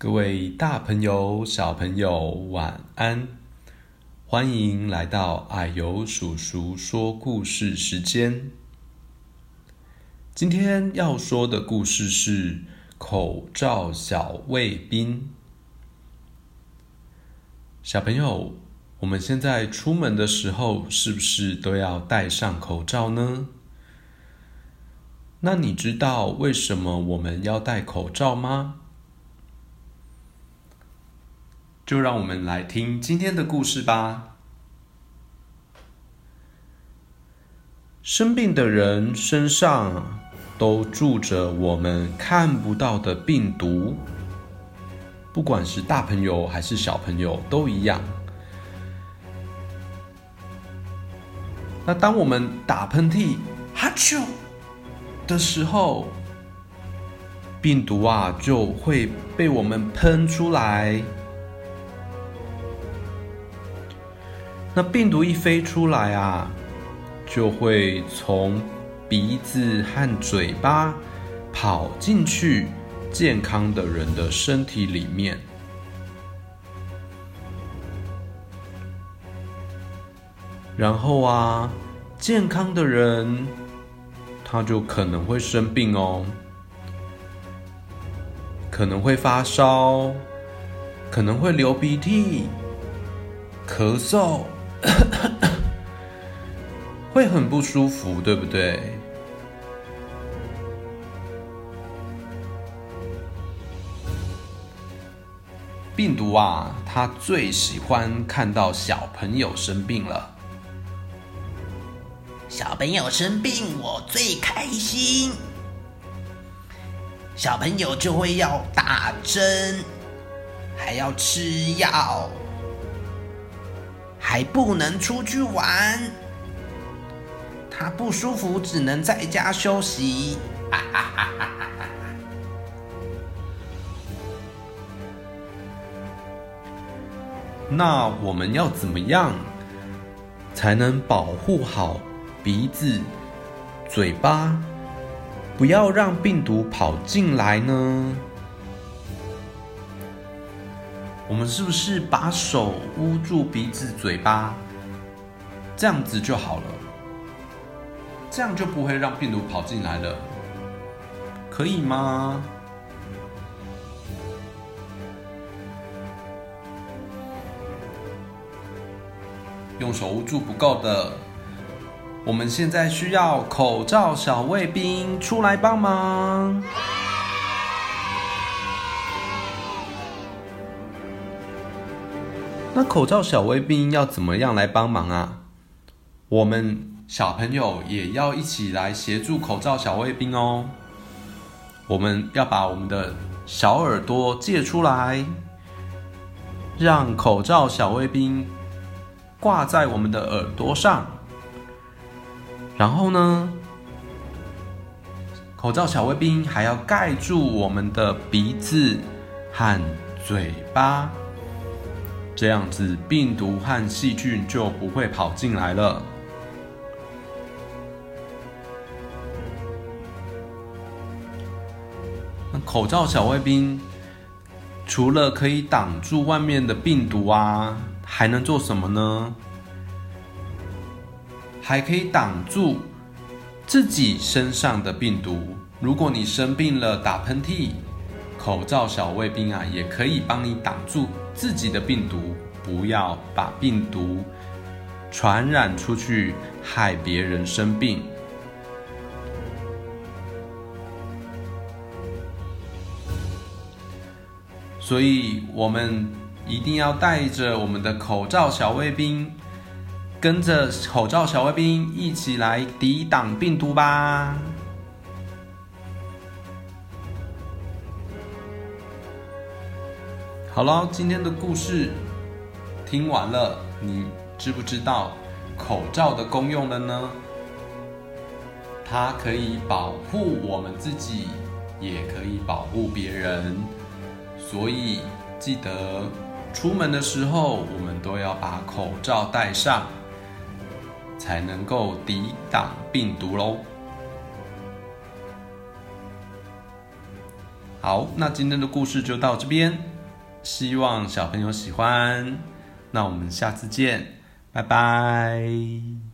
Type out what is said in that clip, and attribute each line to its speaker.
Speaker 1: 各位大朋友、小朋友，晚安！歡迎來到啊呦叔叔說故事時間。今天要說的故事是《口罩小衛兵》。小朋友，我們現在出門的時候，是不是都要戴上口罩呢？那你知道為什麼我們要戴口罩嗎？就讓我們來聽今天的故事吧。生病的人身上都住着我們看不到的病毒，不管是大朋友還是小朋友都一樣。那當我們打噴嚏哈啾的時候，病毒啊就會被我們噴出來。那病毒一飛出來啊，就會從鼻子和嘴巴跑進去健康的人的身體裡面，然後啊，健康的人他就可能會生病哦，可能會發燒，可能會流鼻涕、咳嗽。 會很不舒服，對不對？病毒啊，他最喜歡看到小朋友生病了。小朋友生病，我最開心。小朋友就會要打針，還要吃藥。還不能出去玩，他不舒服，只能在家休息。 那我們要怎麼樣才能保護好鼻子、嘴巴，不要讓病毒跑進來呢？我們是不是把手捂住鼻子、嘴巴，這樣子就好了？這樣就不會讓病毒跑進來了，可以嗎？用手捂住不夠的，我們現在需要口罩小衛兵出來幫忙。那口罩小衛兵要怎麼樣來幫忙啊？我們小朋友也要一起來協助口罩小衛兵哦。我們要把我們的小耳朵借出來，讓口罩小衛兵掛在我們的耳朵上。然後呢，口罩小衛兵還要蓋住我們的鼻子和嘴巴。這樣子，病毒和細菌就不會跑進來了。口罩小衛兵除了可以擋住外面的病毒啊，還能做什麼呢？還可以擋住自己身上的病毒。如果你生病了打噴嚏，口罩小衛兵啊，也可以幫你擋住。自己的病毒，不要把病毒傳染出去，害別人生病。所以，我們一定要帶着我們的口罩小衛兵，跟着口罩小衛兵一起來抵擋病毒吧。好了，今天的故事聽完了，你知不知道口罩的功用了呢？它可以保護我們自己，也可以保護別人，所以記得出門的時候，我們都要把口罩戴上，才能夠抵擋病毒嘍。好，那今天的故事就到這邊。希望小朋友喜歡，那我們下次見，拜拜。